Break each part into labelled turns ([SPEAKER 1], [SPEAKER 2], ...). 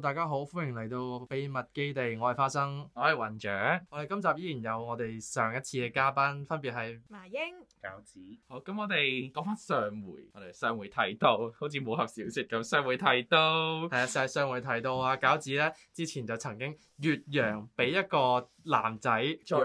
[SPEAKER 1] 大家好，歡迎嚟到秘密 GAY 地，我係花生，我係雲長，我哋今集依然有我哋上一次嘅嘉賓，分別係麻鷹、餃子。
[SPEAKER 2] 好，咁我哋講翻
[SPEAKER 1] 上回，我哋上回提到好似武俠小說咁，上回提到係啊，就上回提到啊，餃子咧之前就曾經越洋俾一個。嗯男仔最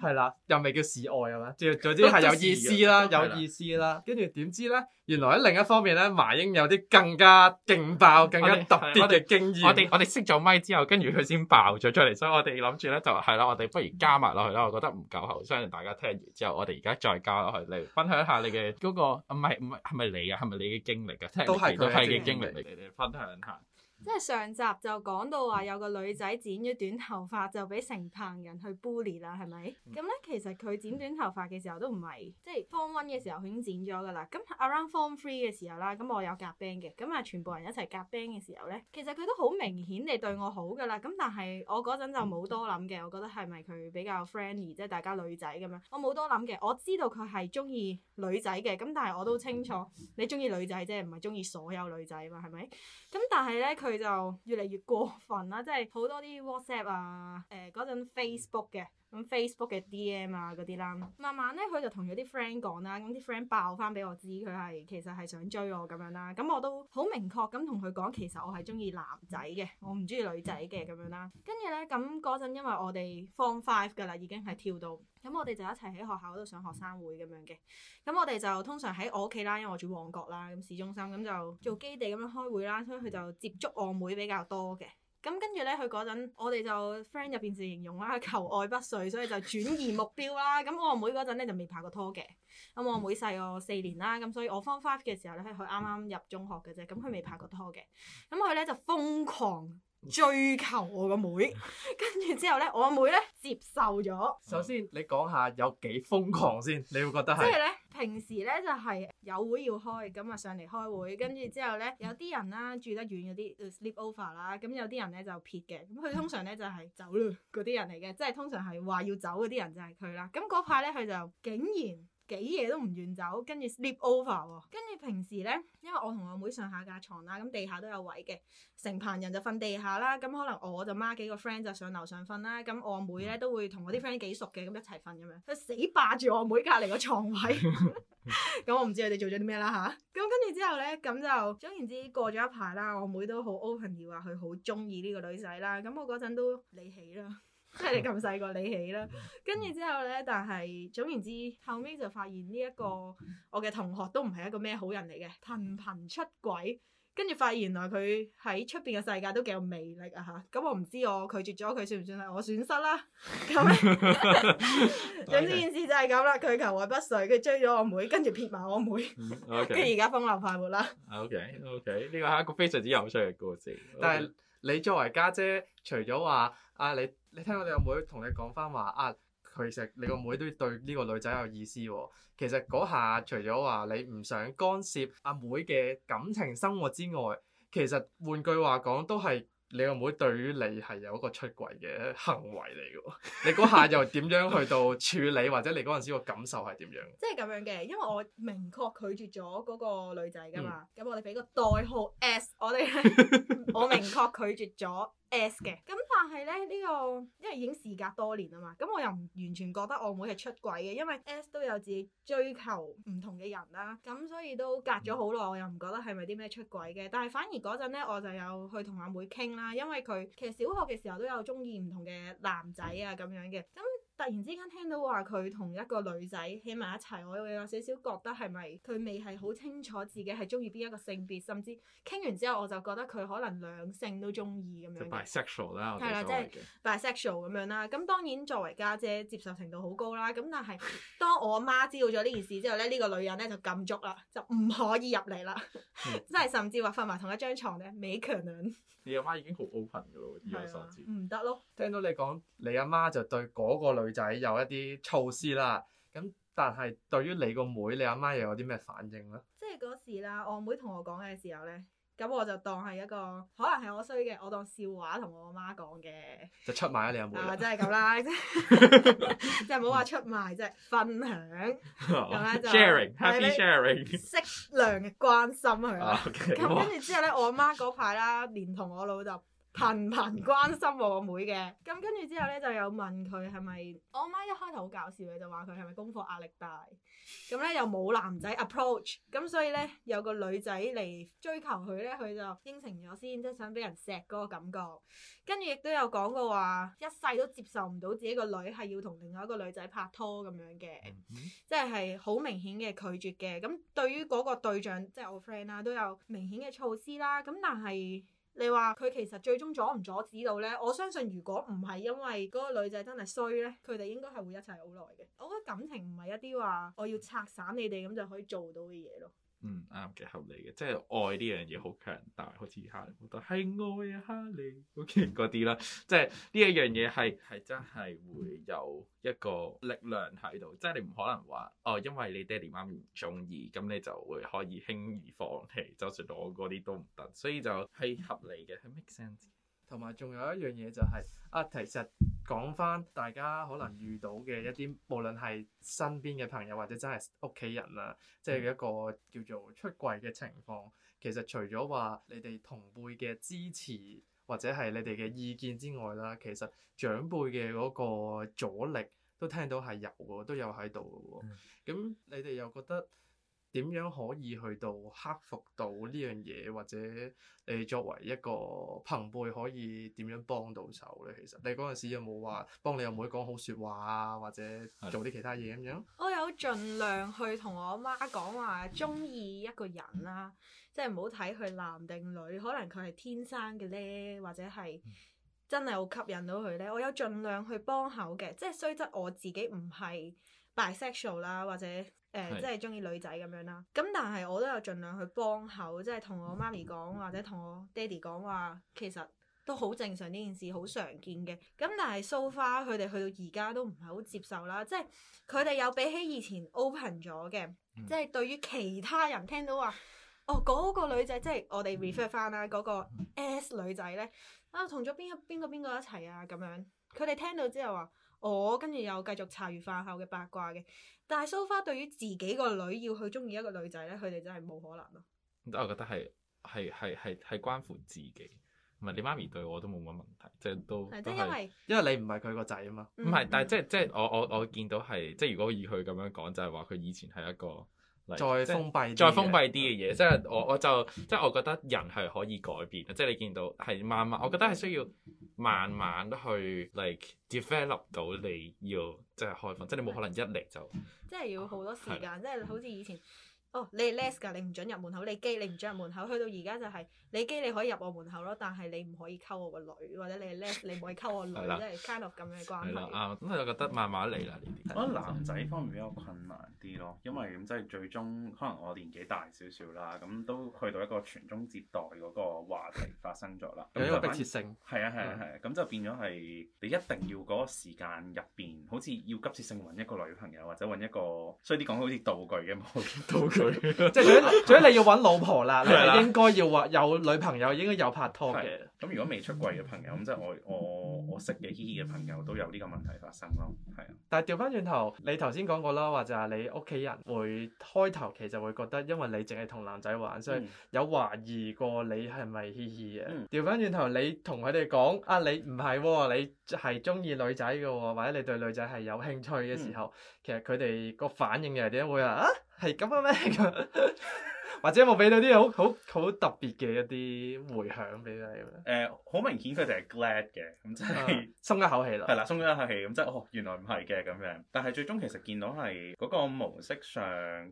[SPEAKER 1] 係啦，嗯、又咪叫示愛係咪？最總之係有意思啦，有意思啦。跟住點知咧，原來喺另一方面咧，麻鷹有啲更加勁爆、更加特別嘅經
[SPEAKER 2] 驗。 我哋我哋熄咗咪之後，跟住佢先爆咗出嚟，所以我哋諗住咧就係啦，我哋不如加埋落去啦。我覺得唔夠喉，相信大家聽完之後，我哋而家再加落去，你分享下你嘅嗰、嗰個唔係唔係係咪你啊？係咪你嘅經歷啊？歷都係佢嘅經歷，你哋分享下。
[SPEAKER 3] 即係上集就講到話有個女仔剪咗短頭髮就俾成棚人去 bully 啦，係咪？咁咧、嗯、其實佢剪短頭髮嘅時候都唔係即係 form one 嘅時候佢已經剪咗噶啦。咁 around form three 嘅時候啦，咁我有夾 band 嘅，咁啊全部人一齊夾 band 嘅時候咧，其實佢都好明顯地對我好噶啦。咁但係我嗰陣就冇多諗嘅，我覺得係咪佢比較 friendly，即係大家女仔咁樣？我冇多諗嘅，我知道佢係中意女仔嘅，咁但係我都清楚你中意女仔啫，唔係中意所有女仔嘛，係咪？咁但係咧佢。佢就越嚟越過分啦，即係好多啲 WhatsApp 啊，誒嗰陣 Facebook 嘅。咁 Facebook 嘅 DM 啊嗰啲啦，慢慢咧佢就同咗啲 friend 講啦，咁啲 friend 爆翻俾我知佢係其實係想追我咁樣啦，咁我都好明確咁同佢講，其實我係中意男仔嘅，我唔中意女仔嘅咁樣啦。跟住咧咁嗰陣，那個、因為我哋 form five 噶啦，已經係跳到，咁我哋就一齊喺學校度上，上學生會咁樣嘅，咁我哋就通常喺我屋企啦，因為我住旺角啦，咁市中心咁就做基地咁樣開會啦，所以佢就接觸我妹比較多嘅。咁跟住呢，佢嗰陣我哋就 friend 入邊是形容啦，求愛不遂，所以就轉移目標啦。咁 我阿妹嗰陣咧就未拍過拖嘅。咁、嗯、我阿妹細我四年啦，咁所以我 form five 嘅時候咧，佢啱啱入中學嘅啫，咁佢未拍過拖嘅。咁佢呢，就瘋狂。追求我個妹，跟住之後呢，我阿妹呢接受咗。首
[SPEAKER 1] 先、嗯、你講下有幾瘋狂先，你會覺得係？即係呢，
[SPEAKER 3] 平時呢就係、是、有會要開，咁啊上嚟開會，跟住之後呢，有啲人啦住得遠嗰啲就 sleep over 啦，咁有啲人呢就撇嘅，咁佢通常呢就係、是、走咯嗰啲人嚟嘅，即係通常係話要走嗰啲人就係佢啦。咁嗰排呢佢就竟然。幾夜都唔願走，跟住 sleep over 喎。跟住平時呢，因為我同我妹上下架床啦，咁地下都有位嘅，成棚人就瞓地下啦。咁可能我就孖幾個 friend 就上樓上瞓啦。咁我妹呢，都會同我啲 friend 幾熟嘅，咁一齊瞓咁樣。佢死霸住我妹隔離個床位，咁 我唔知佢哋做咗啲咩啦吓。咁跟住之後呢，咁就總言之過咗一排啦。我妹都好 open 話佢好中意呢個女仔啦。咁我嗰陣都離奇啦。即係 你咁細個你起啦，跟住之後咧，但係總言之，後尾就發現呢、這、一個我嘅同學都唔係一個咩好人嚟嘅，頻頻出軌，跟住發現原來佢喺出邊嘅世界都幾有魅力啊吓，咁我唔知我拒絕咗佢算唔算係我損失啦。咁總之件事就係咁啦，佢求愛不遂，佢追咗我妹，跟住撇埋我妹，跟住而家風流快活啦。
[SPEAKER 1] OK OK，呢個係一個非常之有趣嘅故事。Okay. 但係你作為家姐，姐，姐，除咗話啊你。你聽我哋阿妹同你講翻話啊，其實你個妹都對呢個女仔有意思喎、哦。其實嗰下除咗話你唔想干涉阿妹嘅感情生活之外，其實換句話講，都係你個妹，妹對於你係有一個出軌嘅行為嚟喎。你嗰下又點樣去到處理， 或者你嗰陣時個感受係點樣？
[SPEAKER 3] 即係咁樣嘅，因為我明確拒絕咗嗰個女仔噶嘛。咁、嗯、我哋俾個代號 S，我哋係 我明確拒絕咗 S 嘅。咁但係咧，呢、呢個因為已經時隔多年啊嘛，咁我又唔完全覺得我妹係出軌嘅，因為 S 都有自己追求唔同嘅人啦，咁所以都隔咗好耐，我又唔覺得係咪啲咩出軌嘅。但係反而嗰陣咧，我就有去同阿妹傾啦，因為佢其實小學嘅時候都有中意唔同嘅男仔啊咁樣嘅，咁。突然之間聽到話佢同一個女仔喺埋一齊，我會有少少覺得係咪佢未係好清楚自己係中意邊一個性別，甚至傾完之後我就覺得佢可能兩性都中意咁樣。就
[SPEAKER 2] bisexual 啦，係啦，即係
[SPEAKER 3] bisexual 咁樣啦。咁當然作為家姐接受程度好高啦。咁但係當我阿媽知道咗呢件事之後咧，呢個女人咧就禁足啦，就唔可以入嚟啦。即 係 甚至話瞓埋同一張床咧，美強你
[SPEAKER 1] 阿媽已經好 open 㗎啦，以我所知。唔得咯。聽到你講你阿媽就對嗰個女仔有一啲措施啦，咁但係對於你個妹，妹，你阿媽又有啲咩反應咧？
[SPEAKER 3] 即係嗰時啦，我妹同我講嘅時候咧，咁我就當係一個可能係我衰嘅，我當笑話同我阿媽講嘅，
[SPEAKER 1] 就出賣啊你阿妹，妹啊，真係
[SPEAKER 3] 咁啦，即係唔好話出賣，即係分享，咁咧 就 sharing 享是 happy sharing，適量嘅關心佢啦，跟住、oh, okay. 之後咧，我阿媽嗰排啦，連同我老豆。頻頻關心我個妹嘅，咁跟住之後呢，就有問佢係咪，我媽一開頭好搞笑嘅，就話佢係咪功課壓力大，咁呢，又冇男仔 approach，咁所以呢，有個女仔嚟追求佢呢，佢就應承咗先，即係想俾人錫嗰個感覺。跟住亦都有講過話一世都接受唔到自己個女係要同另外一個女仔拍拖咁樣嘅，即係係好明顯嘅拒絕嘅。咁對於嗰個對象即係我 friend 啦、啊，都有明顯嘅措施啦。咁但係。你話佢其實最終阻唔阻止到呢？我相信如果唔係因為嗰個女仔真係衰呢，佢哋應該係會一齊好耐嘅。我覺得感情唔係一啲話我要拆散你哋咁就可以做到嘅嘢咯。
[SPEAKER 2] 嗯，啱嘅，合理嘅，即係愛呢樣嘢好強大，好似哈利波特係愛啊哈利，OK 嗰啲啦，即係呢一樣嘢係係真係會有一個力量喺度，即係你唔可能話哦，因為你爹哋媽咪唔中意，咁你就會可以輕易放棄，就算攞嗰啲都唔得，所以就係合理嘅，係 make sense。
[SPEAKER 1] 同埋仲有一樣嘢就係、是、啊，其實講翻大家可能遇到嘅一啲，嗯、無論係身邊嘅朋友或者真係屋企人啊，即係一個叫做出櫃嘅情況。其實除咗話你哋同輩嘅支持或者係你哋嘅意見之外啦，其實長輩嘅嗰個阻力都聽到係有嘅，都有喺度嘅喎。咁你哋又覺得，點樣可以去到克服到呢樣嘢，或者誒作為一個朋輩可以點樣幫到手呢？其實你嗰陣時有冇話幫你阿妹講好説話啊，或者
[SPEAKER 3] 做啲其他嘢咁樣？的我有盡量去同我媽講話，鍾意一個人啦，嗯、即係唔好睇佢男定女，可能佢係天生嘅呢，或者係真係好吸引到佢呢。我有盡量去幫口嘅，即係雖則我自己唔係 bisexual 啦，或者。誒、呃，即係中意女仔咁樣啦。咁但係我都有盡量去幫口，即係同我媽咪講或者同我爹哋講話，其實都好正常呢件事，好常見嘅。咁但係 so far 佢哋去到而家都唔係好接受啦。即係佢哋有比起以前 open 咗嘅，嗯、即係對於其他人聽到話，哦嗰、那個女仔即係我哋 refer 返啦嗰、那個 S 女仔咧，啊同咗邊個邊個邊個一齊啊咁樣，佢哋聽到之後話。我跟住又繼續茶餘飯後嘅八卦嘅，但係蘇花對於自己個女要去中意一個女仔咧，佢哋真係冇可能咯。
[SPEAKER 2] 我覺得係係係係係關乎自己，唔係你媽咪對我都冇乜問題，即係都即因都因為你唔係佢個仔啊嘛，唔係、嗯嗯，但係即係即係我我我見到係即係如果以佢咁樣講，就係話佢以前係一個。Like, 再封閉，再封閉啲嘅嘢，即係我我就即係我覺得人係可以改變。即係你見到係慢慢，我覺得係需要慢慢去 like develop 到你要即係開放，即係、嗯、你冇可能一嚟就，
[SPEAKER 3] 即係要好多時間，即係、嗯、好似以前。哦、oh，你係 less 噶，你唔准入門口。你基，你唔准入門口。去到而家就係你基，你可以入我門口咯，但係你唔可以溝我個女，或者你係 less 你唔可以溝我女，或者
[SPEAKER 2] 係 kind of 咁嘅關係。係啦， 咁我覺得慢慢嚟啦
[SPEAKER 4] 呢啲。我覺得，我覺得男仔方面比較困難啲咯，因為咁即係最終可能我年紀大少少啦，咁都去到一個傳宗接代嗰個話題發生咗啦。 有個迫切性。
[SPEAKER 1] 係啊係啊係
[SPEAKER 4] 啊，咁、啊啊啊、就變咗係你一定要嗰時間入邊，好似要急切性揾一個女朋友或者揾一個，所以啲講好似道具咁啊，道
[SPEAKER 1] 即係，最最緊要你要揾老婆啦， 你應該要話有女朋友，應該有拍拖嘅。咁如果未出櫃嘅朋友，咁即係我我我識嘅嘻嘻嘅朋友都有呢個問題發生咯，係啊。但係調翻轉頭，你頭先講過啦，或就係你屋企人會開頭其實會覺得，因為你淨係同男仔玩，所以有懷疑過你係咪嘻嘻嘅。調翻轉頭，你同佢哋講啊，你唔係喎，你係鍾意女仔嘅喎，或者你對女仔係有興趣嘅時候，嗯、其實佢哋個反應又點解會啊？係咁啊咩？ 或者有冇俾到啲好好好特別嘅一啲回響俾你？誒、呃，好明
[SPEAKER 4] 顯佢哋係 glad 嘅，咁即係鬆一口氣啦。係啦，鬆一口氣，咁即係哦，原來唔係嘅咁樣。但係最終其實見到係嗰個模式上，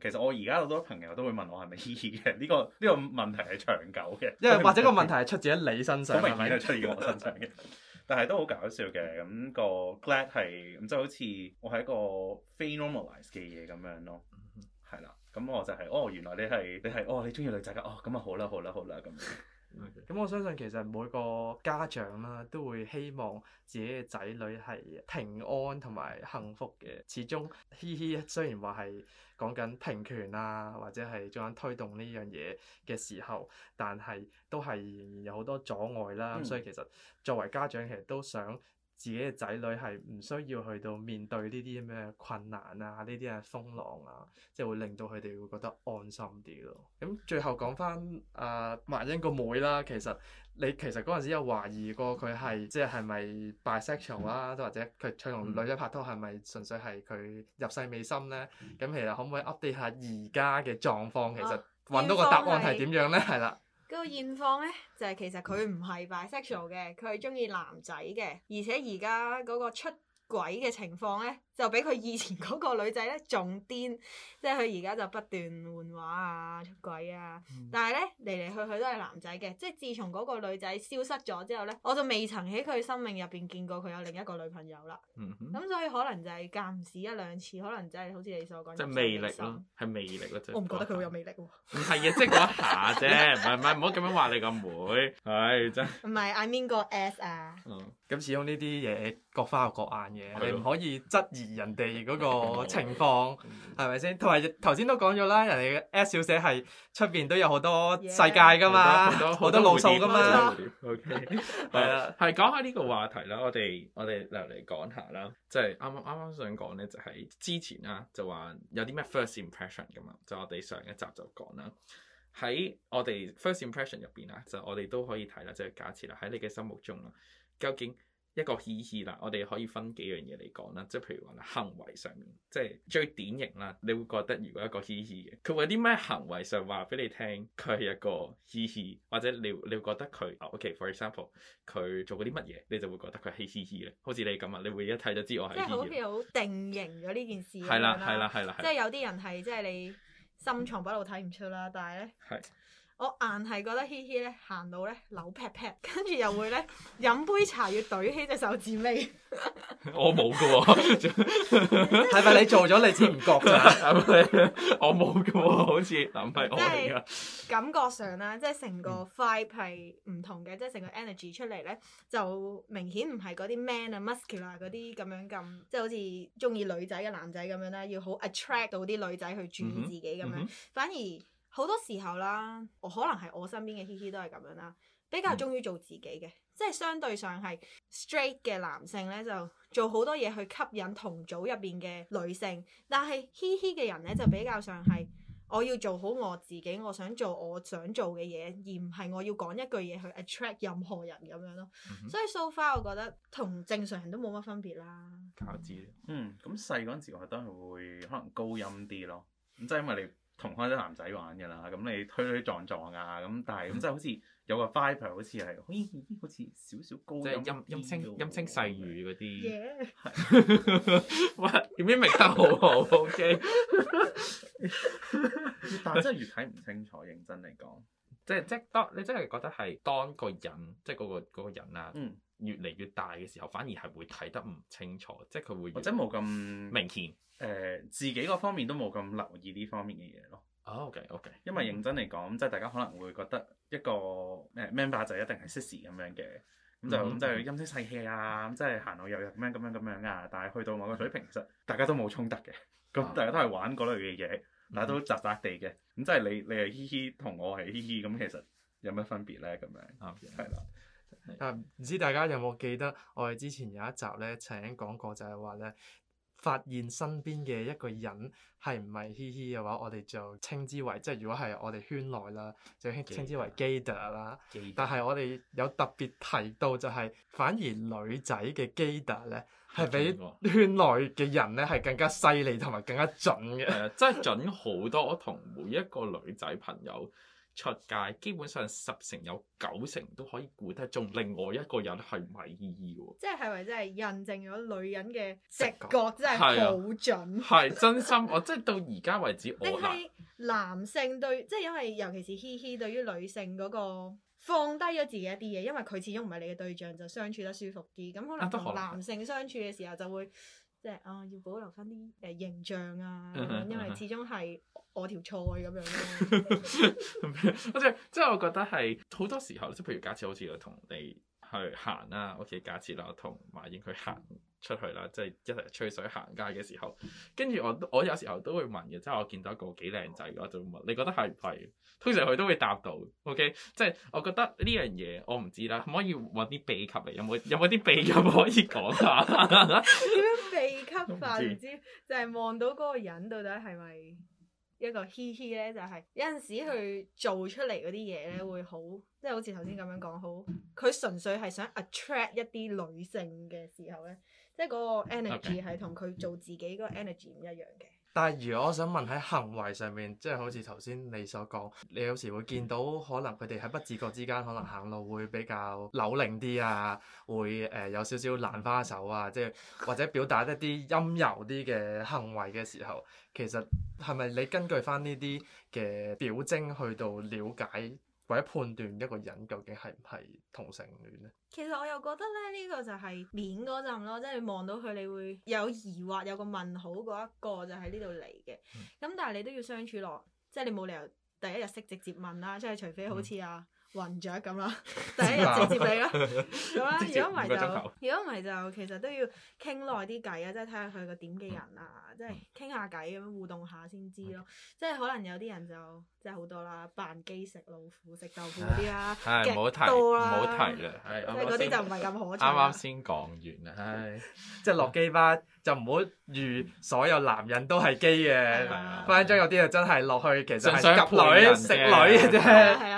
[SPEAKER 4] 其實我而家好多朋友都會問我係咪 HEHE 嘅？呢、呢個呢、呢個問題係長久嘅，因為係係或者個
[SPEAKER 1] 問題係出自喺你身上，好明顯出自我身
[SPEAKER 4] 上嘅， 但係都好搞笑嘅。咁、嗰個 glad 係咁即係好似我係一個非 normalize 嘅嘢咁樣咯。咁我就係，是，哦，原來你係你係，哦，你中意女仔噶，哦，咁啊，好啦好啦好
[SPEAKER 1] 啦，咁，咁我相信其實每個家長啦、啊，都會希望自己嘅仔女係平安同埋幸福嘅。始終，嘻嘻，雖然話係講緊平權啊，或者係講緊推動呢樣嘢嘅時候，但係都係有好多阻礙啦。嗯、所以其實作為家長，其實都想。自己嘅仔女係唔需要去到面對呢啲咩困難啊，呢啲啊風浪啊，即係會令到佢哋會覺得安心啲咯。咁、嗯、最後講翻啊麻鷹個妹，妹啦，其實你其實嗰陣時有懷疑過佢係、嗯、即係係咪 bisexual 啦、啊，或者佢唱同女仔拍拖係咪純粹係佢入世未深呢？咁、嗯、其實可唔可以 update 下而家嘅狀況？其實揾、啊、到個答案係點樣呢？係啦、啊。
[SPEAKER 3] 嗰個現況咧，就係其實佢唔係 bisexual 嘅，佢係中意男仔嘅，而且而家嗰個出軌嘅情況咧，就比佢以前嗰個女仔咧仲癲，即係佢而家就不斷換畫啊、出軌啊，但係咧嚟嚟去去都係男仔嘅，即係自從嗰個女仔消失咗之後咧，我就未曾喺佢生命入邊見過佢有另一個女朋友啦。咁所以可能就係間唔時一兩次，可能就係好似你所講。即係魅力啊，
[SPEAKER 2] 係魅力咯，我唔覺得佢好有魅力
[SPEAKER 1] 喎。唔係啊，即係嗰下啫，唔係唔係，唔好咁樣話你個妹係真。
[SPEAKER 3] 唔係，I mean 個 ass 啊。
[SPEAKER 1] 咁始終呢啲嘢各花入各眼嘅，你唔可以質疑。人哋嗰個情況係咪先？同埋頭先都講咗啦，人哋嘅 S 小姐係出邊都有好多世界噶嘛，好 Yeah. 多，多路數噶嘛。OK，
[SPEAKER 3] 係
[SPEAKER 2] 啦。係講下呢個話題啦，我哋我哋嚟嚟講下啦。即係啱啱啱啱想講咧，就係、是、之前啦，就話有啲咩 first impression 噶嘛，就是、我哋上一集就講啦，喺我哋 first impression 入邊啊，就我哋都可以睇啦，即、就、係、是、假設啦，喺你嘅心目中啦，究竟，一個嘻嘻啦，我哋可以分幾樣嘢嚟講啦，即係譬如話行為上面，即係最典型啦。你會覺得如果一個嘻嘻嘅，佢會有啲咩行為上話俾你聽，佢係一個嘻嘻，或者你你會覺得佢，OK，for example，佢做過啲乜嘢，你就會覺得佢係嘻嘻嘅，好似你咁啊，你會一睇就知我係嘻嘻。即係好似
[SPEAKER 3] 好定型咗呢件事。係啦係啦係啦，即係有啲人係即係你深藏不露睇唔出啦，但係咧。我硬係覺得 HEHE 咧，行路咧扭劈劈，跟住又會咧飲杯茶要懟起隻手指尾。
[SPEAKER 2] 我冇噶喎，係 咪你做咗你先唔覺咋、啊？ 我冇噶喎，好似但唔係我嚟噶。
[SPEAKER 3] 感覺上啦，即係成個 vibe 係唔同嘅，嗯、即係成個 energy 出嚟咧，就明顯唔係嗰啲 man 啊 muscular 嗰啲咁樣咁，即係好似中意女仔嘅男仔咁樣啦，要好 attract 到啲女仔去注意自己咁樣，反而。好多時候啦，我可能係我身邊嘅嘻嘻都係咁樣啦，比較中意做自己嘅，即係相對上係 straight 嘅男性咧，就做好多嘢去吸引同組入邊嘅女性，但係嘻嘻嘅人咧就比較上係我要做好我自己，我想做我想做嘅嘢，而唔係我要講一句嘢去 attract 任何人咁樣咯。嗯、哼所以 so far 我覺得同正常人都冇乜分別啦。
[SPEAKER 4] 我知、嗯，嗯，咁細嗰陣時我覺得係會可能高音啲咯，咁即係因為你。同開啲男仔玩嘅啦，咁你推推撞撞啊，咁但係咁即係好似有個 vibe 好似係咦咦，好似少少
[SPEAKER 2] 高即係音音清音清細色語嗰啲。喂，點樣明得好好？O K。越大即係越睇唔清楚，認真嚟講，即係即係當你真係覺得係當個人，即係嗰個人啊，嗯，越嚟越大嘅時候，反而係會睇得唔清楚，即係佢會我真冇咁明顯。明顯誒自己個方面都冇咁留意呢方面嘅嘢咯。哦，OK OK。因為認
[SPEAKER 4] 真嚟講，即係大家可能會覺得一個誒 man 就一定係 sissy 咁樣嘅，咁就咁即係陰聲細氣啊，咁即係行路入入點樣咁樣咁樣啊。但係去到某個水平，其實大家都冇衝突嘅，咁大家都係玩嗰類嘅嘢，大家都宅宅地嘅，咁即係你你係嘻嘻，同我係嘻嘻，咁其實有乜分別咧？咁樣係啦。
[SPEAKER 1] 啊，唔知大家有冇記得我哋之前有一集咧，曾經講過就係話咧。發現身邊嘅一個人係唔係嘻嘻嘅話，我哋就稱之為，即係如果係我哋圈內啦，就稱之為 Gaydar 啦。但係我哋有特別提到就係、是，反而女仔嘅 Gaydar 咧，係比圈內嘅人咧係更加犀利同埋更加準嘅、 啊。即係準好多，我同每一個女仔朋
[SPEAKER 2] 友。出街基本上十成有九成都可以估得中，另外一個人係唔係意義，
[SPEAKER 3] 即係係咪真係印證咗女人嘅直，直覺，真係好準，係
[SPEAKER 2] 真心哦！即係到而家為止，我係
[SPEAKER 3] 男性對，即係 因為尤其是嘻嘻對於女性嗰個放低咗自己一啲嘢，因為佢始終唔係你嘅對象，就相處得舒服啲。咁可能同男性相處嘅時候就會。即係啊、哦，要保留翻啲誒形象啊， 因為始終係我條菜咁樣咯。
[SPEAKER 2] 好似即係我覺得係好多時候，即係譬如假設好似我同你去行啊，OK，假設啦，同麻鷹去行。 出去啦，即係一齊吹水行街嘅時候，跟住我我有時候都會問嘅，即係我見到一個幾靚仔，我就問你覺得係唔係？通常佢都會答到。O.K.，即係我覺得呢樣嘢我唔知啦，可唔可以揾啲秘笈嚟？有冇有冇啲秘笈可以講下？點
[SPEAKER 3] 樣秘笈法？唔知就係望到嗰個人到底係咪一個嘻嘻咧？就係有陣時佢做出嚟嗰啲嘢咧，會好即係好似頭先咁樣講，好佢純粹係想 attract 一啲女性嘅時候咧。即係嗰個 energy 係同佢做自己嗰個 energy 唔一樣
[SPEAKER 1] 嘅。但係，如果我想問喺行為上面，即係好似頭先你所講，你有時會見到可能佢哋喺不自覺之間，可能行路會比較扭擰啲啊，會誒、呃、有少少蘭花手啊，即係或者表達一啲陰柔啲嘅行為嘅時候，其實係咪你根據返呢啲嘅表徵去到了解？或者判斷一個人究竟係唔係同性戀咧，
[SPEAKER 3] 其實我又覺得咧呢、呢個就係面嗰陣咯，即係你望到佢你會有疑惑，有個問號嗰一個就喺呢度嚟嘅。咁、嗯、但係你都要相處落，即係你冇理由第一日識直接問啦，即係除非好似啊、嗯。暈著咁啦，第一日直接畀啦，好啦，如果唔係就，如果唔係就，其實都要傾耐啲偈啊，即係睇下佢個點嘅人啊，即係傾下偈咁互動下先知咯，即係可能有啲人就即係好多啦，扮基食老虎食豆腐啲啦，勁多啦，唔好提啦，即係嗰啲就唔係咁好。啱啱
[SPEAKER 1] 先講完啦，係，即係落基吧，就唔好預所有男人都係基嘅，反正中有啲啊真係落去其實係夾女食女嘅啫。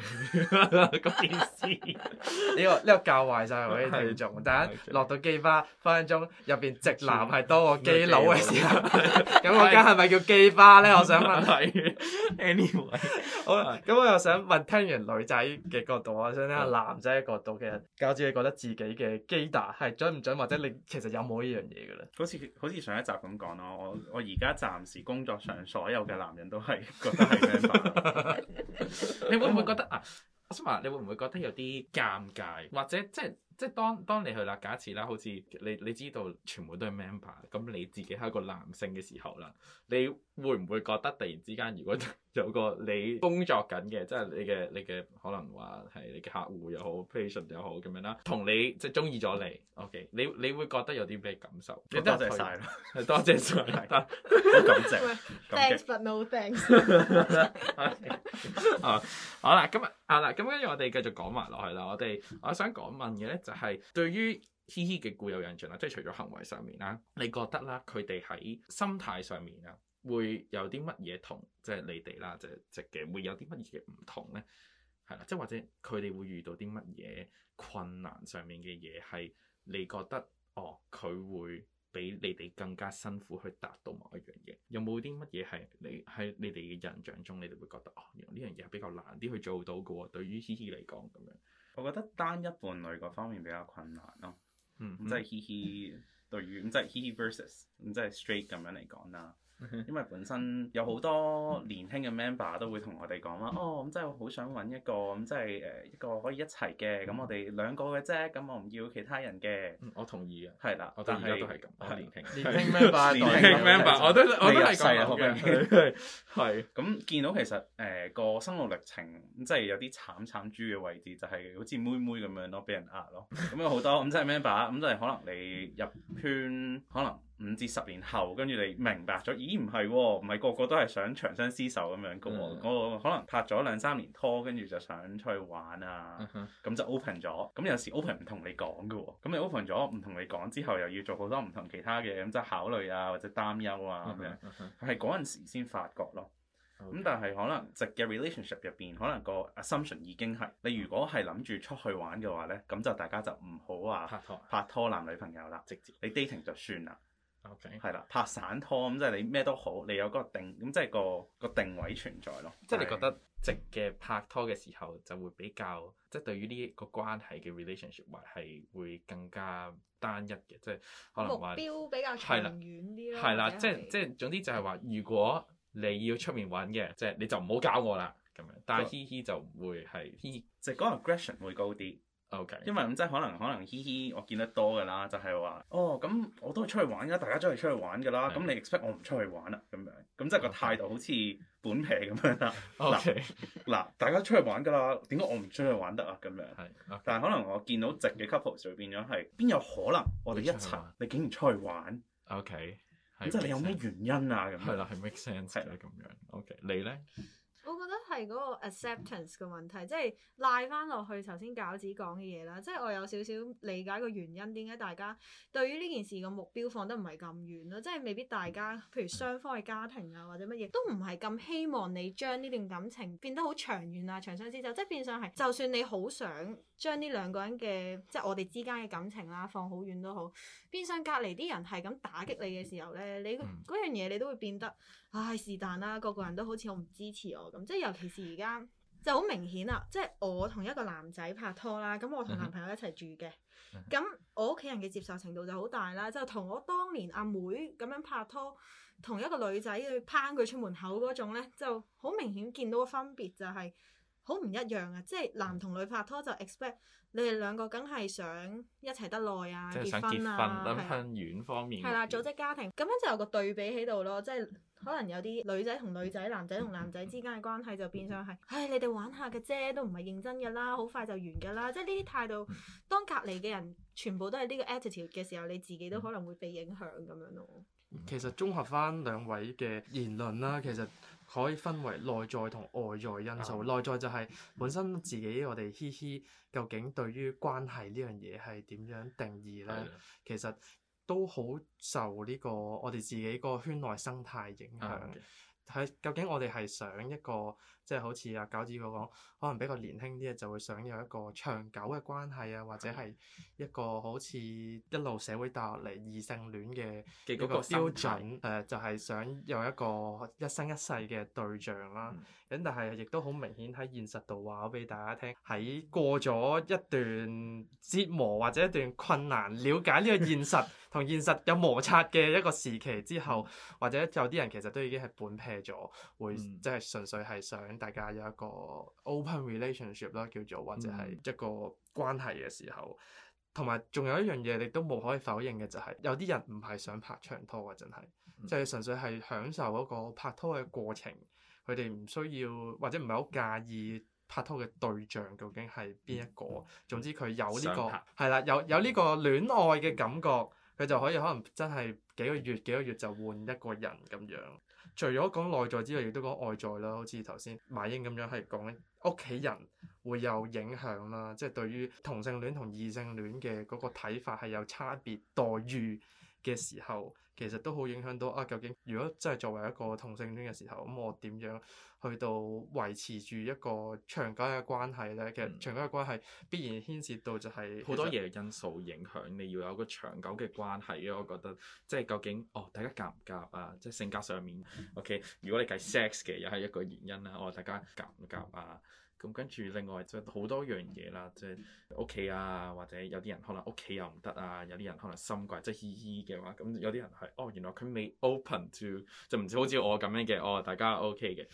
[SPEAKER 1] 個意思呢個呢個教壞晒我啲聽眾，但係落到基巴，分分鐘入邊直男係多過基佬嘅時候，咁我家係咪叫基巴呢？我想問下你。Anyway，好，咁我又想問，聽完女仔嘅角度，我想聽下男仔嘅角度，其實餃子你覺得自己嘅基達係準唔準，或者你其實有冇呢樣嘢嘅咧？
[SPEAKER 4] 好似好似上一集咁講咯，我我而家暫時工作上所有嘅男人都係覺得係。你會唔會覺
[SPEAKER 2] 得？啊！我想問你會唔會覺得有啲尷尬，或者即係即係當當你去啦，假設啦，好似你你知道全部都係 member，咁你自己係一個男性嘅時候啦，你會唔會覺得突然之間如果？ 有個你工作緊嘅，即係你嘅，你嘅可能話係你嘅客戶又好，patient 又好咁樣啦，同你即係中意咗你，OK，你你會覺得有啲咩感受？多謝晒啦，多謝晒，好感謝。Thanks but
[SPEAKER 3] no thanks。啊，
[SPEAKER 2] 好啦，今日啊啦，咁跟住我哋繼續講埋落去啦。我哋我想講問嘅咧，就係對於 HEHE 嘅固有印象啦，即係除咗行為上面啦，你覺得啦，佢哋喺心態上面啊？會有啲乜嘢同即係你哋啦，即係直嘅會有啲乜嘢唔同咧？係啦，即係或者佢哋會遇到啲乜嘢困難上面嘅嘢，係你覺得哦，佢會比你哋更加辛苦去達到某一樣嘢。有冇啲乜嘢係你喺你哋嘅印象中，你哋會覺得哦，呢樣嘢係比較難啲去做到嘅喎？對於 HEHE 嚟講咁樣，
[SPEAKER 4] 我覺得單一伴侶嗰方面比較困難咯。嗯哼，即係 HEHE 對於，即係 HEHE versus，咁即係 straight 咁樣嚟講啦。因為本身有好多年輕嘅 member 都會同我哋講啦。哦咁真係好想揾一個咁即係誒一個可以一齊嘅，咁我哋兩個嘅啫，咁我唔要其他人嘅。我同意嘅，係啦，我哋而家都係咁，年輕年輕 member，年輕 member，我都我都係講係咁見到其實誒個生路歷程，即係有啲慘慘豬嘅位置，就係好似妹妹咁樣咯，俾人呃咯，咁有好多咁即係 member，咁即係可能你入圈可能，五至十年後，跟住你明白咗，咦唔係喎，唔係、哦、個個都係想長相廝守咁樣嘅喎，嗰個、嗯、可能拍咗兩三年拖，跟住就想出去玩啊，咁、嗯、就 open 咗。咁、嗯、有時 open 唔同你講嘅喎，咁你 open 咗唔同你講之後，又要做好多唔同其他嘅咁即係考慮啊，或者擔憂啊咁、嗯、樣，係嗰陣時先發覺咯。咁、嗯、但係可能直嘅 relationship 入邊，可能個 assumption 已經係你如果係諗住出去玩嘅話咧，咁就大家就唔好話拍拖、拍拖男女朋友啦，直接你 dating 就算啦。係啦 Okay.，拍散拖咁即係你咩都好，你有嗰個定，咁即係個個定位存
[SPEAKER 2] 在咯。即係你覺得直嘅拍拖嘅時候就會比較，即係對於呢個關係嘅 relationship 話係會更加單一嘅，即係可能目標
[SPEAKER 3] 比較長遠啲係啦，即係
[SPEAKER 2] 即係，總之就係話，的如果你要出面揾嘅，即係你就唔好搞我啦，咁樣。但係嘻嘻，就會係嘻嘻，就嗰個 aggression 的會高啲。
[SPEAKER 4] O Okay . K，因為咁即係可能可能嘻嘻，我見得多㗎啦，就係、是、話哦，咁我都係出去玩㗎，大家都係出去玩㗎啦，咁的你 expect 我唔出去玩啊？咁樣，咁即係個態度好似本皮咁樣啦。嗱，大家出去玩㗎啦，點解我唔出去玩得啊？咁樣，係，但係可能我見到直嘅 couple 就會變咗係，邊有
[SPEAKER 2] 可能我哋一齊，你竟然出去玩？O K，即係你有咩原因啊？咁係啦，係 make sense，啦，咁樣。O、okay. K，你咧？
[SPEAKER 3] 我覺得係嗰個 acceptance 嘅問題，即係拉翻落去頭先餃子講嘅嘢啦，即係我有少少理解個原因，點解大家對於呢件事個目標放得唔係咁遠咯，即係未必大家譬如雙方嘅家庭啊或者乜嘢都唔係咁希望你將呢段感情變得好長遠啊，長相廝守，即係變相係，就算你好想將呢兩個人嘅即係我哋之間嘅感情啦放好遠都好，變相隔離啲人係咁打擊你嘅時候咧，你嗰樣嘢你都會變得。唉，是但啦。個個人都好似好唔支持我咁，即係尤其是而家就好明顯啦。即係我同一個男仔拍拖啦，咁我同男朋友一齊住嘅，咁我屋企人嘅接受程度就好大啦。就同我當年阿妹咁樣拍拖，同一個女仔去攀佢出門口嗰種呢，就好明顯見到個分別，就係好唔一樣啊！即係男同女拍拖就 expect 你哋兩個梗係想一齊得耐啊，結婚啊，係啦、啊，
[SPEAKER 2] 遠方面啊、組
[SPEAKER 3] 織家庭咁樣就有個對比喺度咯，即係。可能有啲女仔同女仔、男仔同男仔之間嘅關係就變相係，唉、哎，你哋玩下嘅啫，都唔係認真嘅啦，好快就完嘅啦。即係呢啲態度，當隔離嘅人全部都係呢個 attitude 嘅時候，你自己都可能會被影響咁樣咯。
[SPEAKER 1] 其實綜合返兩位嘅言論啦，其實可以分為內在同外在因素。嗯、內在就係本身自己，我哋 HEHE，究竟對於關係呢樣嘢係點樣定義呢？嗯、其實。都好受呢個我哋自己個圈內生態影響嘅。係 Okay. 究竟我哋係想一個即係、就是、好似阿餃子哥講，嗯、可能比較年輕啲嘅就會想有一個長久嘅關係啊，或者係一個好似一路社會帶落嚟異性戀嘅嗰個標準，uh, 就係想有一個一生一世嘅對象啦。咁、嗯、但係亦都好明顯喺現實度話我俾大家聽，喺過咗一段折磨或者一段困難，了解呢個現實。 同現實有摩擦嘅一個時期之後，或者有啲人其實都已經係半撇咗，會即係純粹係想大家有一個 open relationship 啦，叫做或者係一個關係嘅時候。同埋仲有一樣嘢，你都冇可以否認嘅就係、是，有啲人唔係想拍長拖啊，真係，即係純粹係享受嗰個拍拖嘅過程。佢哋唔需要或者唔係好介意拍拖嘅對象究竟係邊一個。總之佢有呢個係啦，有有呢個戀愛嘅感覺。佢就可以可能真係幾個月幾個月就換一個人咁樣，除咗講內在之外，亦都講外在啦。好似頭先麻鷹咁樣，係講屋企人會有影響啦，即係對於同性戀同異性戀嘅嗰個睇法係有差別待遇。嘅時候，其實都好影響到啊！究竟如果真係作為一個同性戀嘅時候，咁我點樣去到維持住一個長久嘅關係呢？其實長久嘅關係必然牽涉到就係、其實、好多嘢
[SPEAKER 2] 因素影響你要有個長久嘅關係嘅，我覺得即係究竟哦，大家夾唔夾啊？即係性格上面、嗯、OK，如果你計 sex 嘅又係一個原因啦，我、哦、哋大家夾唔夾啊？咁跟住，另外即係好多樣嘢啦，即係屋企啊，或者有啲人可能屋企又唔得啊，有啲人可能心怪，即係 HEHE 嘅話，咁有啲人係哦，原來佢未 open to，就唔知好似我咁樣嘅哦，大家 OK 嘅，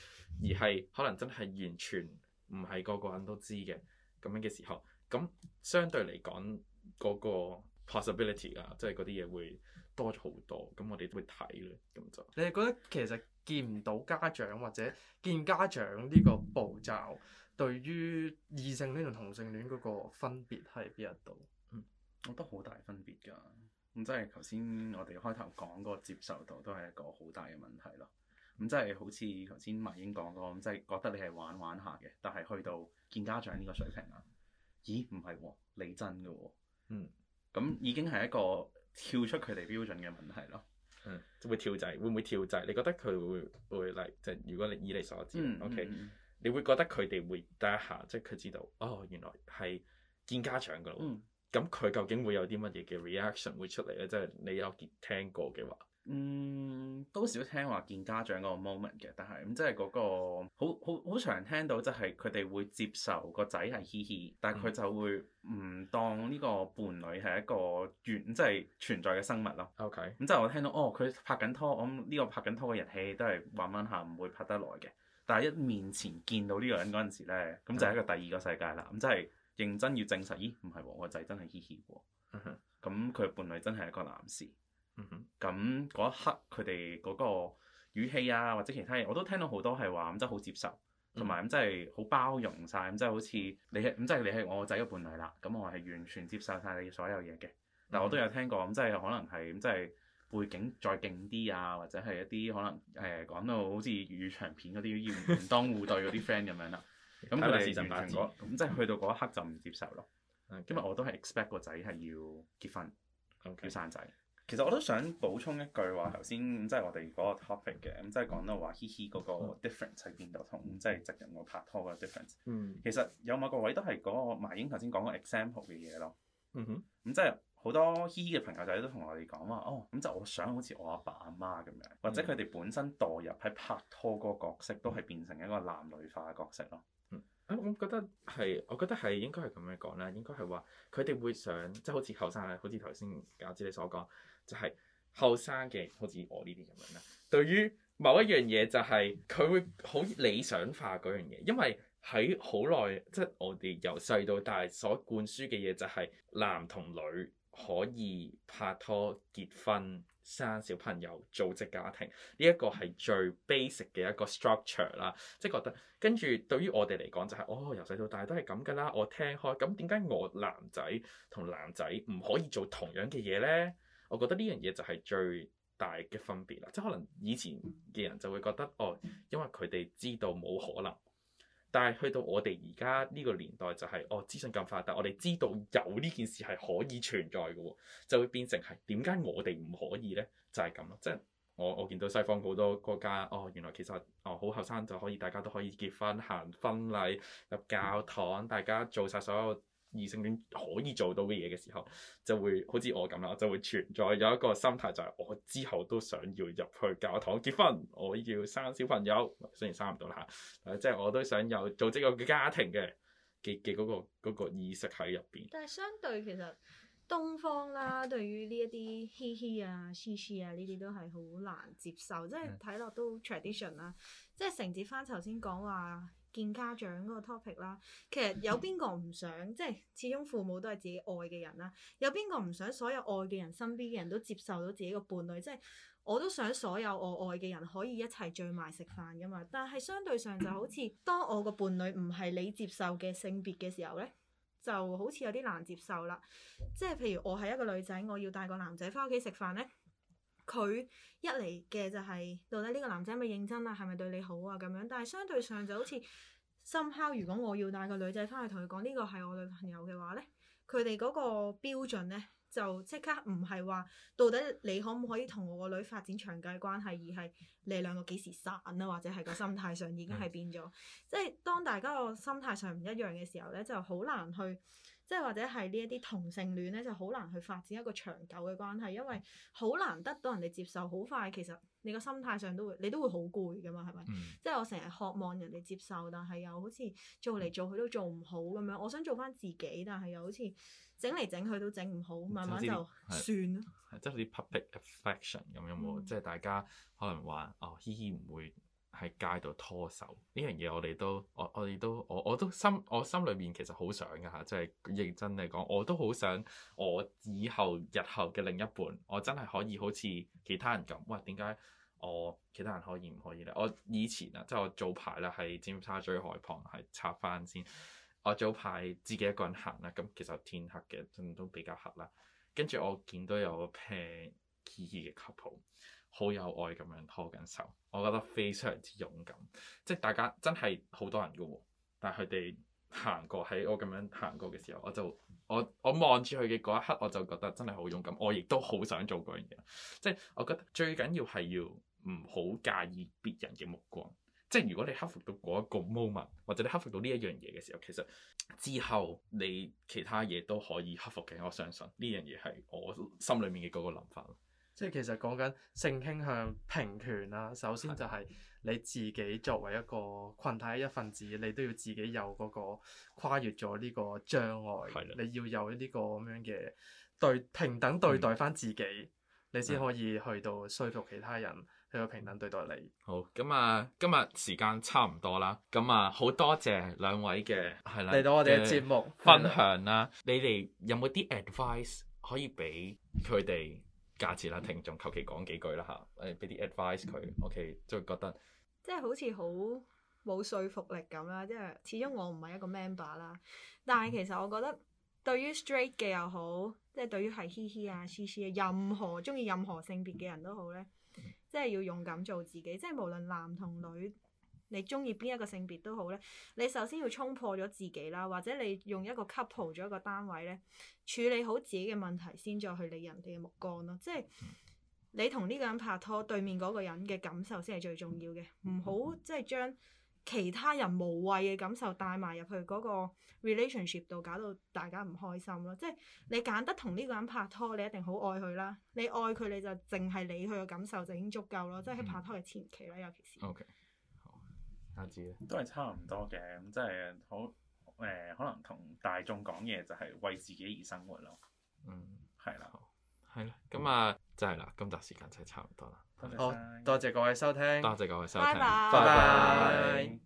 [SPEAKER 2] 而係可能真係完全唔係個個人都知嘅咁樣嘅時候，咁相對嚟講嗰個 possibility 啊，即係嗰啲嘢會。多咗好多，
[SPEAKER 1] 咁我哋都會睇咧，咁就。你哋覺得其實見唔到家長或者見家長呢個步驟，對於異性戀同同性戀嗰個分別係邊一度？我覺得好大分別㗎。咁即係頭先我哋開頭
[SPEAKER 4] 講過接受度，都係一個好大嘅問題咯。咁即係好似頭先麻鷹講過，咁即係覺得你係玩玩下嘅，但係去到見家長呢個水平啊？咦，唔係喎，你真㗎喎，哦。嗯。咁已經係一個。跳出佢哋標準嘅問題
[SPEAKER 2] 咯，嗯，會跳掣，會唔會跳掣？你覺得佢會會嚟？即係如果你以你所知，OK，你會覺得佢哋會第一下即係佢知道，哦，原來係見家長噶，咁佢、嗯、究竟會有啲乜嘢嘅 reaction 會出嚟咧？即係你有聽過嘅話？
[SPEAKER 4] 嗯，
[SPEAKER 2] 都少聽話見家長嗰個 moment 嘅，但係咁、嗯、即係嗰、嗰個好好
[SPEAKER 4] 好常聽到，即係佢哋會接受個仔係 HEHE，但係佢就會唔當呢個伴侶係一個原即係存在嘅生物咯。OK，咁、嗯、即係我聽到哦，佢拍緊拖，咁呢個拍緊拖嘅日期都係玩玩下唔會拍得耐嘅。但係一面前見到呢個人嗰陣時咧，咁 就係一個第二個世界啦。咁、嗯、 即係認真要證實，咦唔係喎，我個仔真係 HEHE 喎，咁佢、uh huh. 伴侶真係一個男士。嗯，咁嗰一刻佢哋嗰個語氣啊，或者其他嘢，我都聽到好多係話，咁真係好接受，同埋咁真係好包容晒。咁即係好似你，咁即係你係我仔嘅伴侶啦，咁我係完全接受晒你所有嘢嘅。但我都有聽過，咁即係可能係咁，即係背景再勁啲啊，或者係一啲可能誒講到好似粵語長片嗰啲要門當戶對嗰啲 friend 咁樣啦。
[SPEAKER 2] 咁佢哋完全嗰，
[SPEAKER 4] 咁即係去到嗰一刻就唔接受咯。今日我都係 expect 個仔係要結婚，要生仔。其實我都想補充一句話，頭先即係我哋嗰個 topic 嘅，咁即係講到話嘻嘻嗰個 difference 係邊度同即係直人我拍拖嘅 difference。嗯，其實有某個位都係嗰、那個麻鷹頭先講個 example 嘅嘢咯。哼、嗯。咁即係好多嘻嘻嘅朋友仔都同我哋講話，哦，咁、嗯、就我想好似我阿爸阿媽咁樣，或者佢哋本身墮入喺拍拖嗰個角色，都係變成一個
[SPEAKER 2] 男女化嘅角色咯。嗯。我覺得係，我覺得係應該係咁樣講啦，應該係話佢哋會想即係好似後生，好似頭先餃子你所講。就係後生嘅，好似我呢啲咁樣啦。對於某一樣嘢，就係，就係佢會好理想化嗰樣嘢，因為喺好耐，即係我哋由細到大所灌輸嘅嘢，就係男同女可以拍拖、結婚、生小朋友、組織家庭，呢一個係最 basic 嘅一個 structure 啦。即係覺得跟住對於我哋嚟講，就係哦，由細到大都係咁噶啦，我聽開。咁點解我男仔同男仔唔可以做同樣嘅嘢呢？我覺得呢樣嘢就係最大嘅分別啦，即係可能以前嘅人就會覺得哦，因為佢哋知道冇可能，但係去到我哋而家呢個年代就係哦，資訊咁發達，我哋知道有呢件事係可以存在嘅喎，就會變成係點解我哋唔可以呢？就係咁咯，即係我我見到西方好多國家哦，原來其實哦好後生就可以大家都可以結婚、行婚禮、入教堂，大家做晒所有。異性戀可以做到嘅嘢嘅時候，就會好似我咁啦，我就會存在有一個心態，就係、是、我之後都想要入去教堂結婚，我要生小朋友，雖然生唔到啦嚇，即係我都想有組織有一個家庭嘅嘅嘅嗰個、那個、意識喺入邊。
[SPEAKER 3] 但係相對其實東方啦，對於呢一啲嘻嘻啊、嘻嘻啊呢啲都係好難接受，即係睇落都 tradition 啦、啊。即係承接翻頭先講話。見家長嗰個 topic 啦，其實有邊個唔想？即係始終父母都係自己愛嘅人啦。有邊個唔想所有愛嘅人、身邊嘅人都接受到自己個伴侶？即係我都想所有我愛嘅人可以一齊聚埋食飯㗎嘛。但係相對上就好似當我個伴侶唔係你接受嘅性別嘅時候呢，就好似有啲難接受啦。即係譬如我係一個女仔，我要帶個男仔返屋企食飯呢。佢一嚟嘅就係、是、到底呢個男仔係咪認真啊，係咪對你好啊咁樣，但係相對上就好似深敲，somehow, 如果我要帶個女仔翻去同佢講呢個係我女朋友嘅話呢，佢哋嗰個標準呢就即刻唔係話到底你可唔可以同我個女發展長久嘅關係，而係你兩個幾時散啊，或者係個心態上已經係變咗，嗯、即係當大家個心態上唔一樣嘅時候呢，就好難去。即係或者係呢一啲同性戀咧，就好難去發展一個長久嘅關係，因為好難得到人哋接受。好快其實你個心態上都會你都會好攰㗎嘛，係咪？嗯、即係我成日渴望人哋接受，但係又好似做嚟做去都做唔好咁樣。嗯、我想做返自己，但係又好似整嚟整去都整唔好，慢慢就算咯。
[SPEAKER 2] 即係啲 public affection 咁樣喎，即係、嗯、大家可能話哦，嘻嘻唔會。喺街度拖手呢樣嘢，我哋都我我哋都我我都心我心裏面其實好想噶嚇，即係認真嚟講，我都好想我以後日後嘅另一半，我真係可以好似其他人咁。喂，點解我其他人可以唔可以咧？我以前啊，即係我早排啦，喺尖沙咀海旁係拆翻先。我早排自己一個人行啦，咁其實天黑嘅真都比較黑啦。跟住我見到有個 pair 嘅 couple，好有愛咁樣拖緊手，我覺得非常之勇敢。即係大家真係好多人㗎喎，但係佢哋行過喺我咁樣行過嘅時候，我就我我望住佢嘅嗰一刻，我就覺得真係好勇敢。我亦都好想做嗰樣嘢。即係我覺得最緊要係要唔好介意別人嘅目光。即係如果你克服到嗰一個 moment，或者你克服到呢一樣嘢嘅時候，其實之後你其他嘢都可以克服嘅。我相信呢樣嘢係我心裡面嘅嗰個諗法。
[SPEAKER 1] 即係其實講緊性傾向平權啦，首先就係你自己作為一個群體一份子，你都要自己有嗰個跨越咗呢個障礙，的你要有呢個咁樣嘅對平等對待返自己，嗯、你先可以去到說服其他人，嗯、去到平等對待你。
[SPEAKER 2] 好，咁啊，今日時間差唔多啦，咁啊，好多謝兩位嘅嚟到我哋嘅節目分享啦。你哋有冇啲 advice 可以俾佢哋？假設啦，聽眾求其講幾句啦吓，誒俾啲 advice 佢，OK，就會覺得
[SPEAKER 3] 即係好似好冇說服力咁啦，即係始終我唔係一個 member 啦。但係其實我覺得對於 straight 嘅又好，即係對於係嘻嘻啊、嘻嘻啊，任何中意任何性別嘅人都好咧，即係要勇敢做自己，即係無論男同女。你中意邊一個性別都好咧，你首先要衝破咗自己啦，或者你用一個 couple 做一個單位咧，處理好自己嘅問題先，再去理人哋嘅目光咯。即係你同呢個人拍拖，對面嗰個人嘅感受先係最重要嘅，唔好即係將其他人無謂嘅感受帶埋入去嗰個 relationship 度，搞到大家唔開心咯。即係你揀得同呢個人拍拖，你一定好愛佢啦。你愛佢，你就淨係理佢嘅感受就已經足夠咯。嗯、即係喺拍拖嘅前期啦，尤其是。Okay.
[SPEAKER 2] 都係
[SPEAKER 4] 差唔多嘅，咁即係好誒，可能同大眾講嘢就係為自己而生活咯。嗯，
[SPEAKER 2] 係啦的，係啦，咁啊，真係啦，今集時間真係差唔多
[SPEAKER 1] 啦。謝謝。好，多謝各位收聽，多謝各位收聽，拜拜。